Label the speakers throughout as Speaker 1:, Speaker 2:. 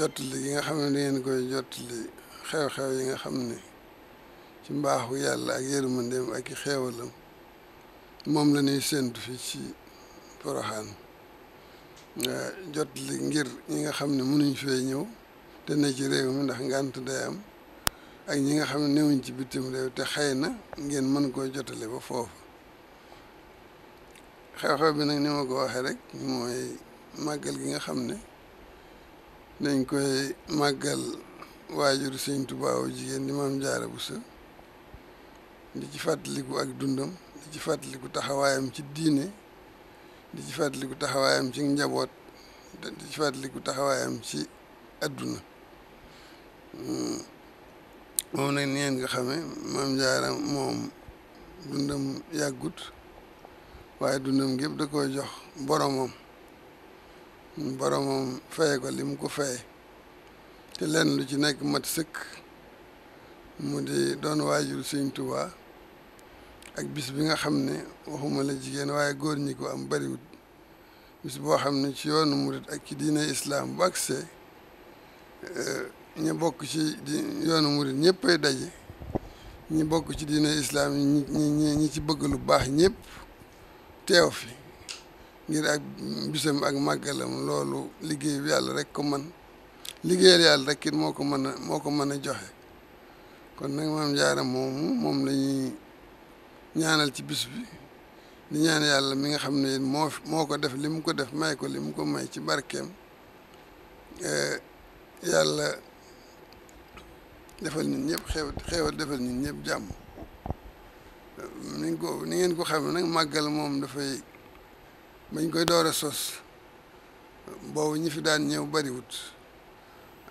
Speaker 1: jottali gi nga xam ne da ngeen koy jottali xew-xew yi nga xam ne ci mbaaxu yàlla ak yërmandeem ak i xeewalam moom la ñuy séntu fi ci poroxaan nga jottali ngir ñi nga xam ne mënuñ fee ñëw te ne ci réew mi ndax ngànt day am ak ñi nga xam ne newuñ ci bitim réew te xëy na ngeen mën koo jotale ba foofu xew-xew bi nag ni ma ko waxee rek mooy màggal gi nga xam ne dañ koy màggal waajur sëñ Tuubaa wu jigéen di Maam Jaara Buso di ci fàttaliku ak dundam di ci fàttaliku taxawaayam ci diine di ci fàttaliku taxawaayam ci njaboot di ci fàttaliku taxawaayam ci adduna moom nag ga nga xamee Maam Jaara moom dundam yàggut waaye dundam gépp da koy jox boromam boroomu faye ko li mu ko faye te lenn lu ci nekk mat sëkk mu di doon waajur Sëñ Tuubaa ak bis bi nga xam ne waxuma la jigéen waaye góor ñi ko am bariwut bis boo xam ne ci yoonu murit ak ci diine islaam bu agsee eh, ñu bokk ci yoonu murit ñëppay daje ñi bokk ci diine islaam ñi ñi ñi ci bëgg lu baax ñépp teew fi ngir ak bisam ak màggalam loolu liggéey yàlla rek ko man liggéeyal yàlla rek it moo ko mën a moo ko mën a joxe kon nag maam jaara moom lañuy ñaanal ci bis bi di ñaan yàlla mi nga xam ne moo moo ko def li mu ko def may ko li mu ko may ci barkeem eh, yàlla defal ñun ñëpp xew defal ñun ñëpp jàmm ni ko ni ngeen ko xam ne nag màggal moom dafay bañ koy door a sos boobu ñi fi daan ñëw bariwut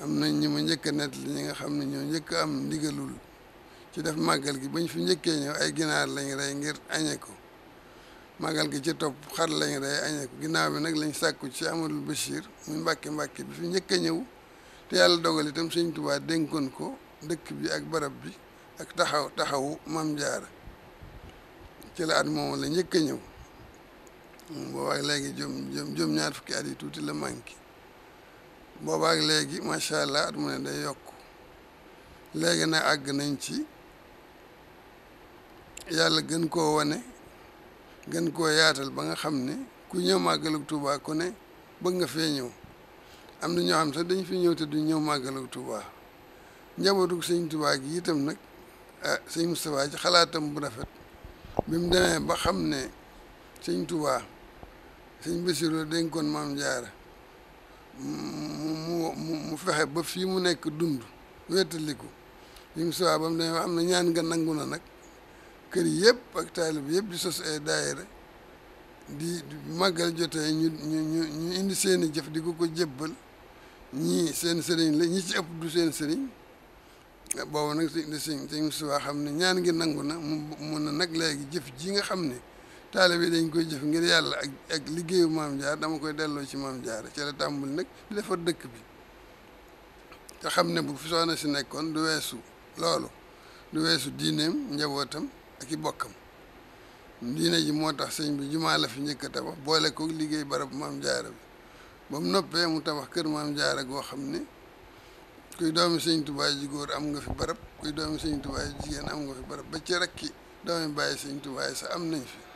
Speaker 1: am nañ ñi ma njëkk a nett li ñi nga xam ne ñoo njëkk am ndigalul ci def màggal gi bañ fi njëkkee ñëw ay ginaar lañ rey ngir añe ko màggal gi ci topp xar lañ rey añe ko ginnaaw bi nag lañ sàkku ci Amadou Bachir muy mbàkke mbàkke bi fi njëkk a ñëw te yàlla dogal itam sëñ Tuubaa dénkoon ko dëkk bi ak barab bi ak taxaw taxawu Maam Jaara ci la at moom la njëkk a ñëw boobaak léegi juróom juróom ñaar fukki at tuuti la manqué boobaak léegi macha allah at mu ne day yokk léegi na àgg nañ ci yàlla gën koo wane gën koo yaatal ba nga xam ne ku ñëw màggalu Tuubaa ku ne bëgg nga fee ñëw am na ñoo xam sax dañ fi ñëw te duñ ñëw màggalu Tuubaa njabootu sëñ Tuubaa gi itam nag ah sëñ Moustapha xalaatam bu rafet bi mu demee ba xam ne sëñ Tuubaa sëñ Bassirou dénkoon maam jaara mu mu mu fexe ba fii mu nekk dund wéetaliku yi mu suwaa bam demee am na ñaan nga nangu na nag kër yëpp ak taalib yëpp di sos ay daayira di màggal jotee ñu indi seeni jëf di ko ko jébbal ñii seeni sëriñ la ñi ci ëpp du seen sëriñ boobu nag si di siñ siñ xam ne ñaan ngi nangu na mu mun na nag léegi jëf jii nga xam ne taalibe yi dañ koy jëf ngir yàlla ak liggéeyu maam jaar dama koy delloo ci maam jaar ci la tàmbul nag di defar dëkk bi te xam ne bu fi soxna si nekkoon du weesu loolu du weesu diineem njabootam ak i bokkam diine ji moo tax sëñ bi jumaa la fi njëkk a tabax boole ko liggéey barab maam jaara bi ba mu noppee mu tabax kër maam jaara goo xam ne kuy doomi sëñ tubaay ji góor am nga fi barab kuy doomi sëñ tubaay jigéen am nga fi barab ba ci rakki doomi bàyyi sëñ sa am nañ fi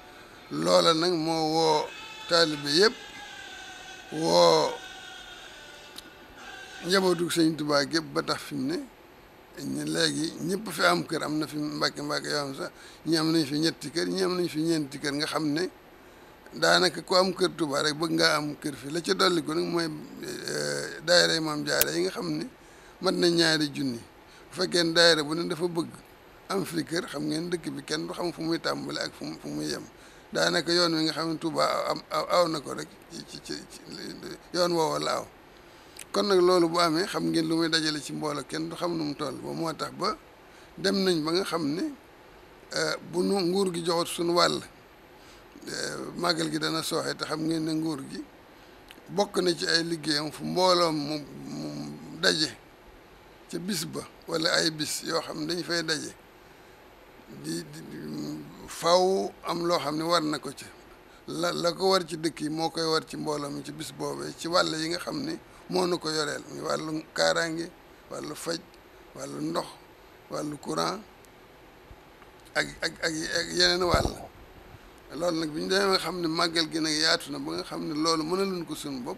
Speaker 1: loola nag moo woo taalibe yëpp woo njabootu sëñ Tuubaa gépp ba tax fi mu ne ñu léegi ñëpp fi am kër am na fi mbàkke mbàkke yoo xam sax ñi am nañ fi ñetti kër ñi am nañ fi ñeenti kër nga xam ne daanaka ku am kër Tuubaa rek bëgg ngaa am kër fi la ca dolli ko nag mooy mam eh, maam jaare yi nga xam ne mat na ñaari junni bu fekkee ne bu ne dafa bëgg am fi kër xam ngeen dëkk bi kenn du xam fu muy tàmbale ak fu muy yem daanaka yoon wi nga xam ne Touba am aw na ko rek ci ci yoon woowa la aw kon nag loolu bu amee xam ngeen lu muy dajale ci mbooloo kenn du xam nu mu toll ba moo tax ba dem nañ ba nga xam ne eh, bu nu nguur gi joxut suñu wàll eh, màggal gi dana sooxe te xam ngeen ne nguur gi bokk na ci ay liggéeyam fu mbooloo mu mu daje ca bis ba walla ay bis yoo xam ne dañu fay daje faw am loo xam ne war na ko ci la la ko war ci dëkk yi moo koy war ci mbooloo mi ci bis boobee ci wàll yi nga xam ni moo na ko yoreel muy wàllu kaaraange wàllu faj wàllu ndox wàllu courant ak ak ak yeneen wàll loolu nag bi ñu demee nga xam ne màggal gi nag yaatu na ba nga xam ne loolu mën mënaluñ ko suñu bopp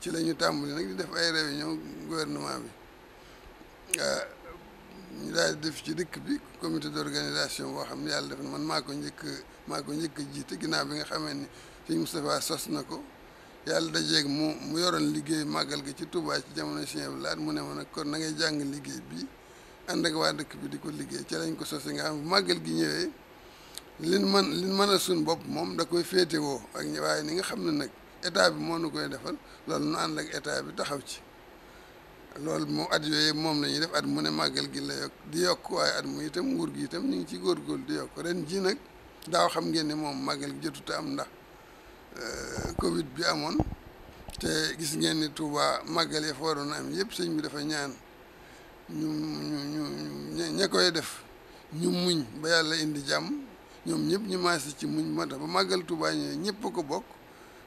Speaker 1: ci la ñu tàmbali nag di def ay réunion gouvernement bi euh, ñu daal def ci dëkk bi comité d'organisation boo xam ne yàlla def na man maa ko njëkk maa ko njëkk a jiite ginnaaw bi nga xamee ni sëñ Moustapha sos na ko yàlla dajeeg mu mu yoroon liggéey màggal gi ci Touba ci jamono Cheikh Abdoulaye mu ne ma nag kon na ngay jàng liggéey bi ànd ak waa dëkk bi di ko liggéey ci lañ ko sos nga xam màggal gi ñëwee lin man mën a suñ bopp moom da koy féetewoo ak ñi waaye ni nga xam ne nag état bi moo nu koy defal loolu nu ànd ak état bi taxaw ci loolu moom at yooyu moom la ñuy def at mu ne màggal gi la yokk di yokk waaye at mu itam nguur gi itam ñu ngi ci góorgóorlu di yokk ren ji nag daaw xam ngeen ne moom màggal gi jotut am ndax euh, Covid bi amoon te gis ngeen ni Touba màggal ya fa yëpp sëñ bi dafa ñaan ñu koy def ñu muñ yàlla indi jàmm ñoom ñëpp ñu maase ci muñ moo tax ba màggal Touba ñëwee ñëpp ko bokk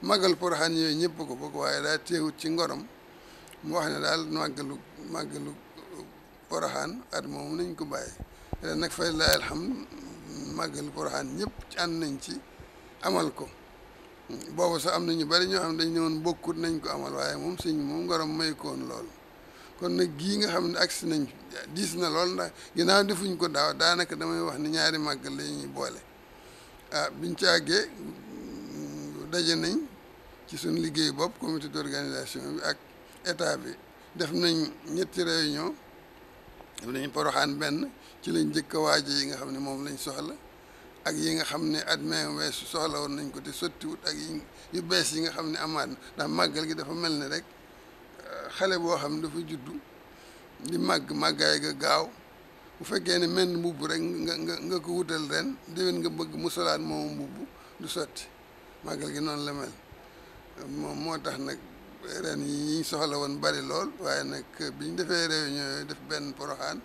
Speaker 1: màggal Poroxaan ñëwee ñëpp a ko bokk waaye daa teewut ci ngorom. mu wax ne daal màggalu màggalu poroxaan at moom nañ ko bàyyi ren nag fay laay alhamdu màggalu poroxaan ñëpp ci ànd nañ ci amal ko boobu sax am nañu ñu bari ñoo xam ne dañ ne woon bokkut nañ ko amal waaye moom sëñ moom ngorom may koon lool kon nag gii nga xam ne agsi nañ diis na lool ndax ginnaaw defuñ ko daaw daanaka damay wax ni ñaari màggal la ñuy boole ah biñ ci àggee mm, daje nañ ci suñ liggéey bopp comité d'organisation bi ak état bi def nañ ñetti réunion def nañu poroxaan benn ci lañ njëkk a yi nga xam ne moom lañ soxla ak yi nga xam ne at mee weesu soxla woon nañ ko te sottiwut ak yi yu bees yi nga xam ne amaat na ndax màggal gi dafa mel ni rek euh, xale boo xam ne dafa juddu di màgg màggaay ga gaaw bu fekkee ne menn mbubb rek nga nga nga ko wutal ren déwén nga bëgg mu solaat moomu mbubb du sotti màggal gi noonu la mel moom moo tax nag ren yi ñu soxla woon bari lool waaye nag bi ñu defee réunion yooyu def benn poroxaan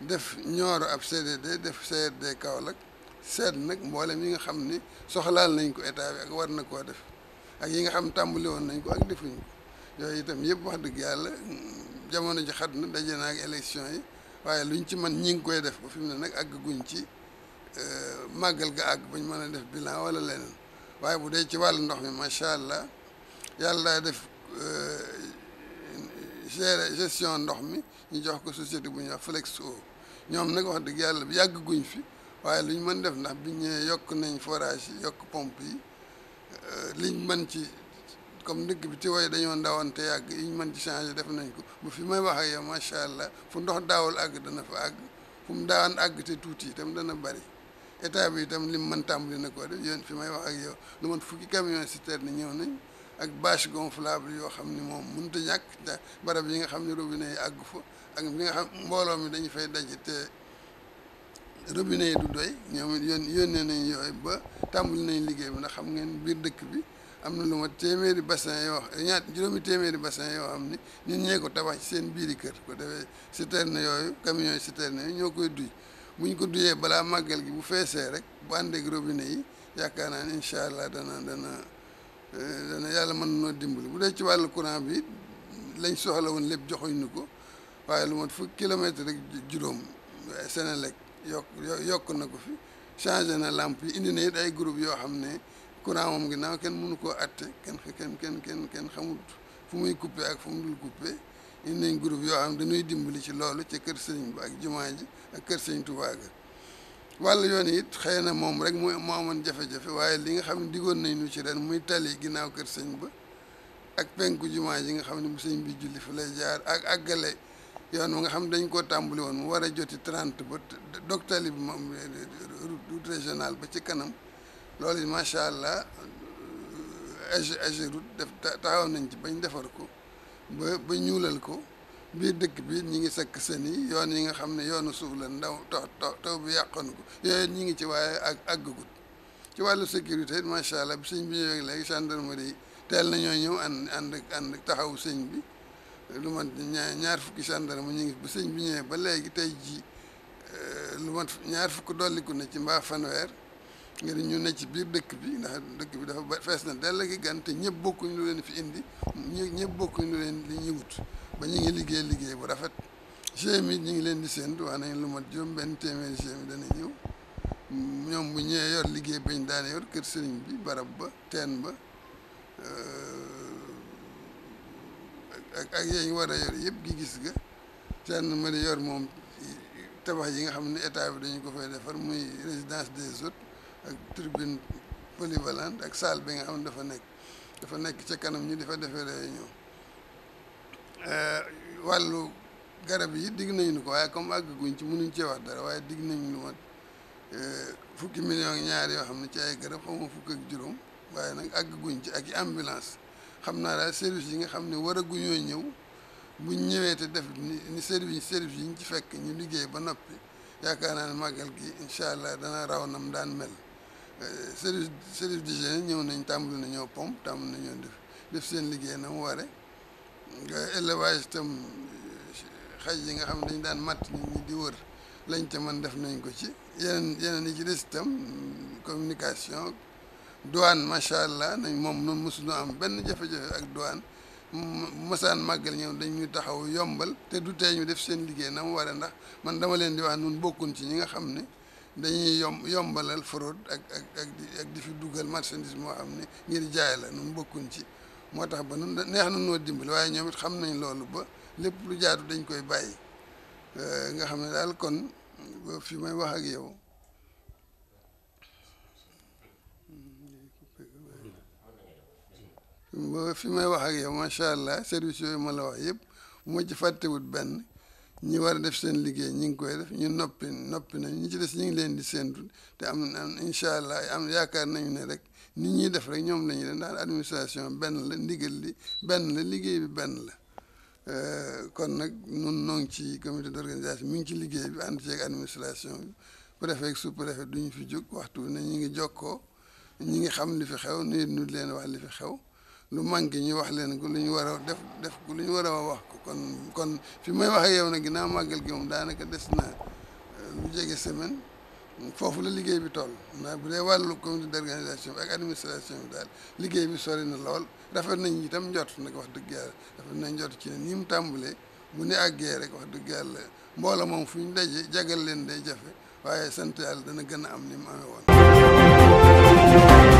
Speaker 1: def ñooro ab CDD def CRD Kaolack seet nag mboolem yi nga xam ni soxlaal nañ ko état bi ak war na koo def ak yi nga xam tàmbali woon nañ ko ak defuñ ko yooyu itam yëpp wax dëgg yàlla jamono ji xat na daje naa ak élection yi waaye luñ ci man ñi ngi koy def ba fi mu ne nag àgg guñ ci euh, màggal ga àgg bañ mën a def bilan wala leneen waaye bu dee ci wàllu ndox mi macha allah. yàlla def euh, gérer gestion ndox mi ñu jox ko société bu ñuy wax Flexo ñoom nag wax dëgg yàlla yàgg guñ fi waaye lu ñu mën def ndax bi ñëwee yokk nañ forage yi yokk pompe yi euh, liñ mën ci comme dëkk bi ci way dañoo ndawante yàgg ñu mën ci changer def nañ ko bu fi may wax ak yow macha allah fu ndox daawul àgg dana fa àgg fu mu daan àgg te tuuti itam dana bari état bi li mu mën tàmbali na ko def yéen fi may wax ak yow lu mën fukki camion citerne ñëw ak bâche gonflable yoo xam ni moom mënta ñàkk barab yi nga xam ne robine yi àggu fa ak li nga xam mbooloo mi dañu fay daj te
Speaker 2: robinet yi du doy
Speaker 1: ñoom yoon yónnee nañ yooyu ba tàmbali nañ liggéey bi ndax xam ngeen biir dëkk bi am na lu ma téeméeri bassin yoo ñaat juróomi téeméeri bassin yoo xam ni ñun ñee ko tabax ci seen biiri kër ko defee citerne yooyu camions yi citerne yooyu ñoo koy duy bu ñu ko duyee balaa màggal gi bu feesee rek bu àndeeg robinet yi yaakaar naa ne incha allah dana dana dana eh, yàlla mën noo dimbali bu dee ci wàllu courant bi lañ soxla woon lépp joxuñ nu ko waaye lu mat fukki kilomètre rek juróom eh, Senelec yokk yokk na ko fi changé na lampe yi indi na it ay groupe yoo xam ne courant moom ginnaaw kenn mënu koo atte kenn kenn kenn kenn kenn xamul fu muy coupé ak fu mu dul coupé indi nañ groupe yoo xam dañuy dimbali ci loolu ci kër sëriñ bi ak jumaa ji ak kër sëriñ Tuubaa ga wàllu yoon it xëy na moom rek mu moo amoon jafe-jafe waaye li nga xam ne diggoon nañ nu ci ren muy tali ginnaaw kër sëñ ba ak penku jumaa ji nga xam ne mu sëñ bi julli fa lay jaar ak àggale yoon bi nga xam ne dañ koo tàmbali woon mu war a joti trente ba dog tali bi moom route régionale ba ci kanam loolu macha allah euh, ag ag route def taxaw nañ ci bañ defar ko ba ba ñuulal ko biir dëkk bi ñu ngi sekk sën yi yoon yi nga xam ne yoonu suuf la ndaw taw taw taw bi yàqoon ko yooyu ñi ngi ci waaye ak àggagut ci wàllu sécurité it macha allah bi sëñ bi ñëwee léegi gendarmerie teel nañoo ñëw ànd ànd ànd taxawu sëñ bi lu mat ñaar fukki gendarme ñu ngi ba sëñ bi ba léegi tey jii euh, lu mat ñaar fukk dolliku na ci mbaa fanweer ngir ñu ne ci biir dëkk bi ndax dëkk bi dafa fees na dell gi gan te ñëpp bokkuñ lu leen fi indi ñëpp bokkuñu lu leen li ñu wut ba ñu ngi liggéey liggéey bu rafet GMI ñu ngi leen di séentu wax nañ lu mat juróom benn téeméeri GMI dana ñëw ñoom bu ñëwee yor liggéey bañ daan yor kër sëriñ bi barab ba teen ba euh, ak ak yéen war a yor yëpp gi gis ga teen ma di yor moom tabax yi nga xam ne état bi dañu ko fay defar muy résidence des hôtes ak tribune polyvalente ak salle bi nga xam ne dafa nekk dafa nekk ca kanam ñu di fa defee réunion Euh, wàllu garab yi digg nañu ni ko waaye comme àggaguñ ci mënuñ cee wax dara waaye digg nañu lu mat euh, fukki million ñaar yoo xam ne ci ay garab xaw fukk ak juróom waaye nag àggaguñ ci ak i ambulance xam naa daal service yi nga xam ne waraguñoo ñëw buñ ñëwee te def ni service service yi ñu ci fekk ñu liggéey ba noppi yaakaar naa ne màggal gi incha allah dana raw nam daan mel euh, service service d'hygiène ñëw nañ tàmbali nañoo pompe tàmbali nañoo def def seen liggéey na mu ware élevage itam xaj yi nga xam dañ daan matt nit di wër lañ ca man def nañ ko ci yeneen yeneen yi ci communication douane macha allah nañ moom noonu mosuñu am benn jafe-jafe ak douane masaan màggal ñëw dañ ñu taxaw yombal te du tee ñu def seen liggéey na mu waree ndax man dama leen di wax nun bokkun ci ñi nga xam ne dañuy yom yombalal fraude ak ak di ak di fi dugal marchandise moo xam ne ngir jaay la nun bokkun ci moo tax ba nun neex na noo dimbali waaye ñoom it xam nañ loolu ba lépp lu jaaru dañ koy bàyyi euh, nga xam ne daal kon fi may wax ak yow fi may wax ak yow macha allah service yooyu ma la wax yëpp bu ma ci benn ñi war a def seen liggéey ñi ngi koy def ñu noppi noppi nañ ñi ci des ñu ngi leen di séentu te am am incha allah am yaakaar nañu ne rek nit ñuy def rek ñoom la ñuy def ndax administration benn la ndigal li benn la liggéey bi benn la euh, kon nag nun noo ngi ci comité d'organisation mi ngi ci liggéey bi ànd ceeg administration bi préfet sous du duñu fi jóg waxtu ne ñi ngi jokkoo ñi ngi xam li fi xew nuyet nu leen wax li fi xew lu manqué ñu wax leen ku lu ñu war a def def ku lu ñu war a wax kon kon fi may waxee ak na nag ginnaaw màggal gi moom daanaka des na euh, lu jege semaine foofu la liggéey bi toll ndax bu dee wàllu comité d'organisation bi ak administration bi daal liggéey bi sori na lool rafet nañ itam njot nag wax dëgg yàlla rafet nañ njot ci mu tàmbalee bu ne àggee rek wax dëgg yàlla mboola moom fu ñu daje jagal leen day jafe waaye sant yàlla dana gën a am ni mu amee woon